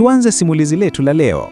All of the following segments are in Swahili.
Tuanze simulizi letu la leo.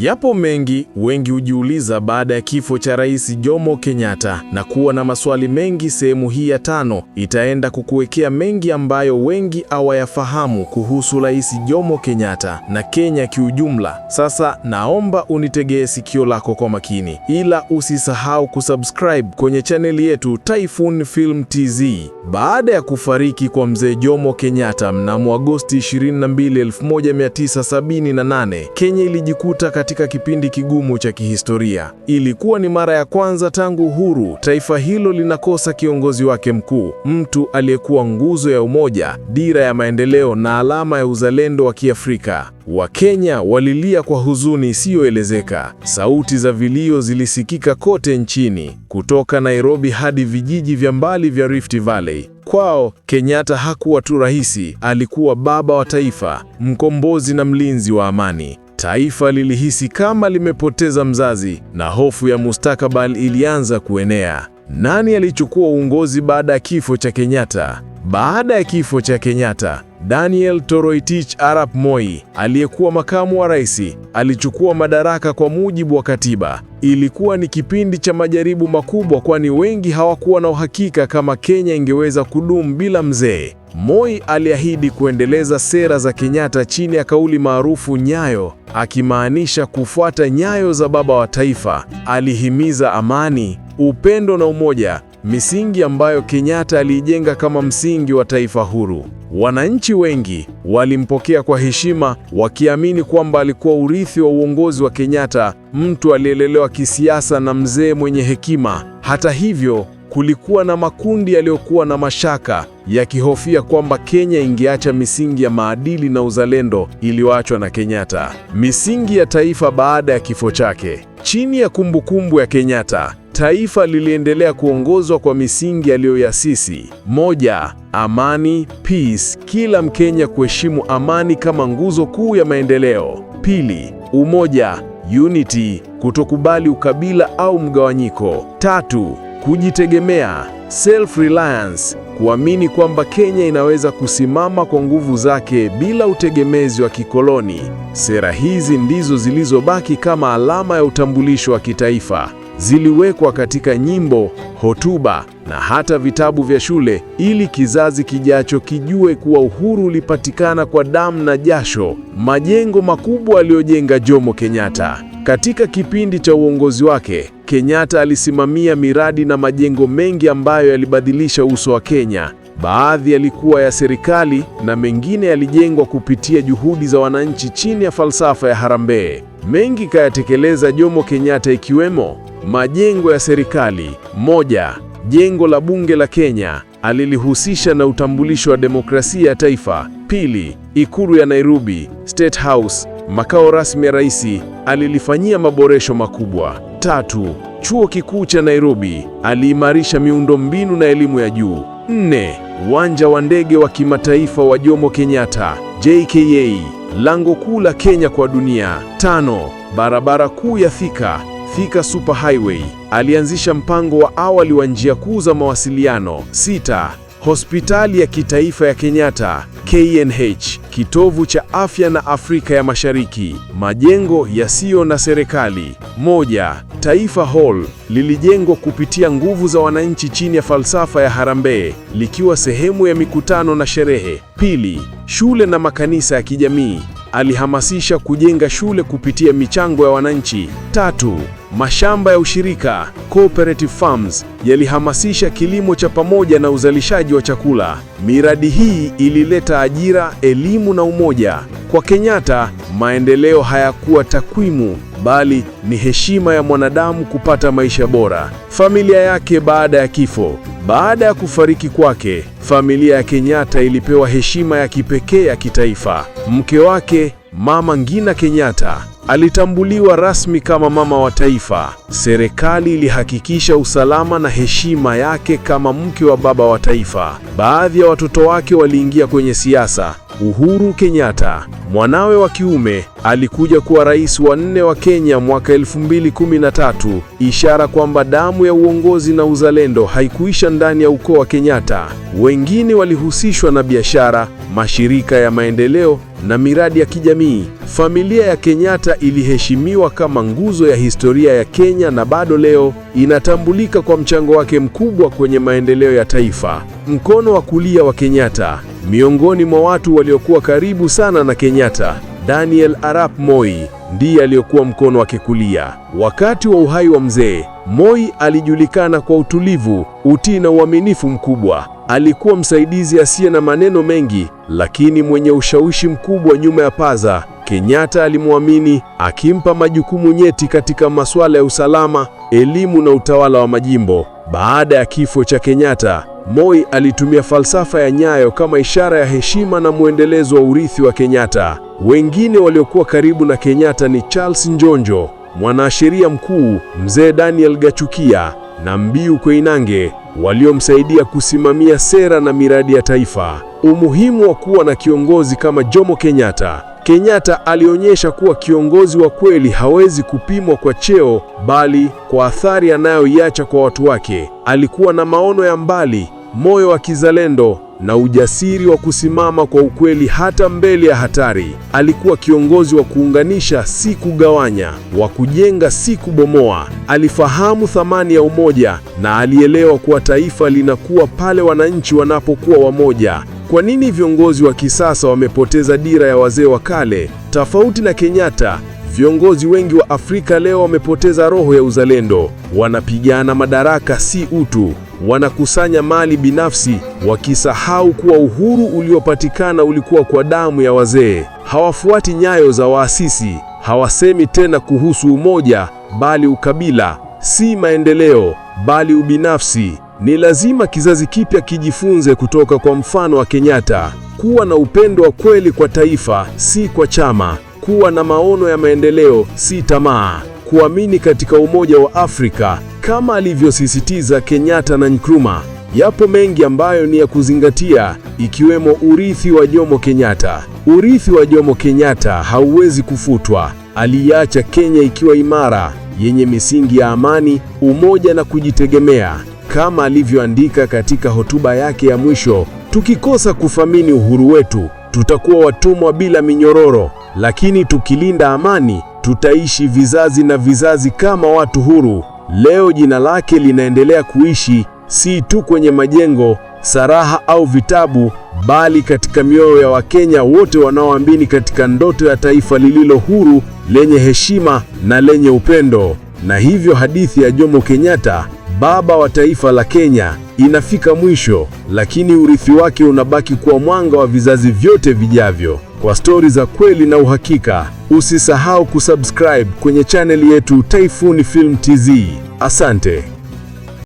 Yapo mengi wengi hujiuliza baada ya kifo cha Rais Jomo Kenyatta na kuwa na maswali mengi. Sehemu hii ya tano itaenda kukuwekea mengi ambayo wengi hawayafahamu kuhusu Rais Jomo Kenyatta na Kenya kiujumla. Sasa naomba unitegee sikio lako kwa makini, ila usisahau kusubscribe kwenye chaneli yetu Typhoon Film TZ. Baada ya kufariki kwa Mzee Jomo Kenyatta mnamo Agosti 22, 1978, Kenya ilijikuta katika kipindi kigumu cha kihistoria. Ilikuwa ni mara ya kwanza tangu uhuru taifa hilo linakosa kiongozi wake mkuu, mtu aliyekuwa nguzo ya umoja, dira ya maendeleo na alama ya uzalendo wa Kiafrika. Wakenya walilia kwa huzuni isiyoelezeka. Sauti za vilio zilisikika kote nchini, kutoka Nairobi hadi vijiji vya mbali vya Rift Valley. Kwao Kenyatta hakuwa tu rais, alikuwa baba wa taifa, mkombozi na mlinzi wa amani. Taifa lilihisi kama limepoteza mzazi na hofu ya mustakabali ilianza kuenea. Nani alichukua uongozi baada ya kifo cha Kenyatta? Baada ya kifo cha Kenyatta, Daniel Toroitich Arap Moi, aliyekuwa makamu wa rais, alichukua madaraka kwa mujibu wa katiba. Ilikuwa ni kipindi cha majaribu makubwa, kwani wengi hawakuwa na uhakika kama Kenya ingeweza kudumu bila mzee. Moi aliahidi kuendeleza sera za Kenyatta chini ya kauli maarufu Nyayo, akimaanisha kufuata nyayo za baba wa taifa. Alihimiza amani, upendo na umoja, misingi ambayo Kenyatta aliijenga kama msingi wa taifa huru. Wananchi wengi walimpokea kwa heshima, wakiamini kwamba alikuwa urithi wa uongozi wa Kenyatta, mtu aliyelelewa kisiasa na mzee mwenye hekima. Hata hivyo kulikuwa na makundi yaliyokuwa na mashaka yakihofia kwamba Kenya ingeacha misingi ya maadili na uzalendo iliyoachwa na Kenyatta, misingi ya taifa baada ya kifo chake. Chini ya kumbukumbu ya Kenyatta, taifa liliendelea kuongozwa kwa misingi aliyoyasisi: moja, amani peace, kila Mkenya kuheshimu amani kama nguzo kuu ya maendeleo; pili, umoja unity, kutokubali ukabila au mgawanyiko; tatu, kujitegemea, self reliance, kuamini kwamba Kenya inaweza kusimama kwa nguvu zake bila utegemezi wa kikoloni. Sera hizi ndizo zilizobaki kama alama ya utambulisho wa kitaifa. Ziliwekwa katika nyimbo, hotuba na hata vitabu vya shule ili kizazi kijacho kijue kuwa uhuru ulipatikana kwa damu na jasho, majengo makubwa aliyojenga Jomo Kenyatta. Katika kipindi cha uongozi wake, Kenyatta alisimamia miradi na majengo mengi ambayo yalibadilisha uso wa Kenya. Baadhi yalikuwa ya serikali na mengine yalijengwa kupitia juhudi za wananchi chini ya falsafa ya harambee. Mengi kayatekeleza Jomo Kenyatta ikiwemo majengo ya serikali. Moja, jengo la bunge la Kenya alilihusisha na utambulisho wa demokrasia ya taifa. Pili, ikulu ya Nairobi, State House Makao rasmi ya rais alilifanyia maboresho makubwa. Tatu, chuo kikuu cha Nairobi aliimarisha miundombinu na elimu ya juu. Nne, uwanja wa ndege wa kimataifa wa Jomo Kenyatta JKA, lango kuu la Kenya kwa dunia. Tano, barabara kuu ya Thika Thika Super Highway. Alianzisha mpango wa awali wa njia kuu za mawasiliano. Sita, hospitali ya kitaifa ya Kenyatta KNH kitovu cha afya na Afrika ya Mashariki, majengo yasiyo na serikali. Moja, Taifa Hall lilijengwa kupitia nguvu za wananchi chini ya falsafa ya harambee, likiwa sehemu ya mikutano na sherehe. Pili, shule na makanisa ya kijamii alihamasisha kujenga shule kupitia michango ya wananchi. Tatu, Mashamba ya ushirika cooperative farms yalihamasisha kilimo cha pamoja na uzalishaji wa chakula. Miradi hii ilileta ajira, elimu na umoja. Kwa Kenyatta, maendeleo hayakuwa takwimu, bali ni heshima ya mwanadamu kupata maisha bora. Familia yake baada ya kifo. Baada ya kufariki kwake, familia ya Kenyatta ilipewa heshima ya kipekee ya kitaifa. Mke wake Mama Ngina Kenyatta Alitambuliwa rasmi kama mama wa taifa. Serikali ilihakikisha usalama na heshima yake kama mke wa baba wa taifa. Baadhi ya watoto wake waliingia kwenye siasa. Uhuru Kenyatta, mwanawe wa kiume, alikuja kuwa rais wa nne wa Kenya mwaka 2013, ishara kwamba damu ya uongozi na uzalendo haikuisha ndani ya ukoo wa Kenyatta. Wengine walihusishwa na biashara, mashirika ya maendeleo na miradi ya kijamii. Familia ya Kenyatta iliheshimiwa kama nguzo ya historia ya Kenya na bado leo inatambulika kwa mchango wake mkubwa kwenye maendeleo ya taifa. Mkono wa kulia wa Kenyatta. Miongoni mwa watu waliokuwa karibu sana na Kenyatta, Daniel Arap Moi ndiye aliyokuwa mkono wake kulia. Wakati wa uhai wa mzee, Moi alijulikana kwa utulivu, utii na uaminifu mkubwa alikuwa msaidizi asiye na maneno mengi, lakini mwenye ushawishi mkubwa nyuma ya paza. Kenyatta alimwamini, akimpa majukumu nyeti katika masuala ya usalama, elimu na utawala wa majimbo. Baada ya kifo cha Kenyatta, Moi alitumia falsafa ya Nyayo kama ishara ya heshima na mwendelezo wa urithi wa Kenyatta. Wengine waliokuwa karibu na Kenyatta ni Charles Njonjo mwanasheria mkuu mzee Daniel Gachukia na Mbiu Koinange waliomsaidia kusimamia sera na miradi ya taifa. Umuhimu wa kuwa na kiongozi kama Jomo Kenyatta. Kenyatta alionyesha kuwa kiongozi wa kweli hawezi kupimwa kwa cheo, bali kwa athari anayoiacha kwa watu wake. Alikuwa na maono ya mbali, moyo wa kizalendo na ujasiri wa kusimama kwa ukweli hata mbele ya hatari. Alikuwa kiongozi wa kuunganisha, si kugawanya, wa kujenga, si kubomoa. Alifahamu thamani ya umoja na alielewa kuwa taifa linakuwa pale wananchi wanapokuwa wamoja. Kwa nini viongozi wa kisasa wamepoteza dira ya wazee wa kale? Tofauti na Kenyatta Viongozi wengi wa Afrika leo wamepoteza roho ya uzalendo, wanapigana madaraka si utu, wanakusanya mali binafsi wakisahau kuwa uhuru uliopatikana ulikuwa kwa damu ya wazee. Hawafuati nyayo za waasisi, hawasemi tena kuhusu umoja bali ukabila, si maendeleo bali ubinafsi. Ni lazima kizazi kipya kijifunze kutoka kwa mfano wa Kenyatta, kuwa na upendo wa kweli kwa taifa, si kwa chama kuwa na maono ya maendeleo, si tamaa, kuamini katika umoja wa Afrika kama alivyosisitiza Kenyatta na Nkrumah. Yapo mengi ambayo ni ya kuzingatia, ikiwemo urithi wa Jomo Kenyatta. Urithi wa Jomo Kenyatta hauwezi kufutwa. Aliacha Kenya ikiwa imara, yenye misingi ya amani, umoja na kujitegemea, kama alivyoandika katika hotuba yake ya mwisho: tukikosa kuthamini uhuru wetu tutakuwa watumwa bila minyororo, lakini tukilinda amani tutaishi vizazi na vizazi kama watu huru. Leo jina lake linaendelea kuishi si tu kwenye majengo, saraha au vitabu, bali katika mioyo ya Wakenya wote wanaoamini katika ndoto ya taifa lililo huru, lenye heshima na lenye upendo. Na hivyo hadithi ya Jomo Kenyatta, baba wa taifa la Kenya, inafika mwisho, lakini urithi wake unabaki kuwa mwanga wa vizazi vyote vijavyo. Kwa stori za kweli na uhakika, usisahau kusubscribe kwenye chaneli yetu Typhoon Film TZ. Asante.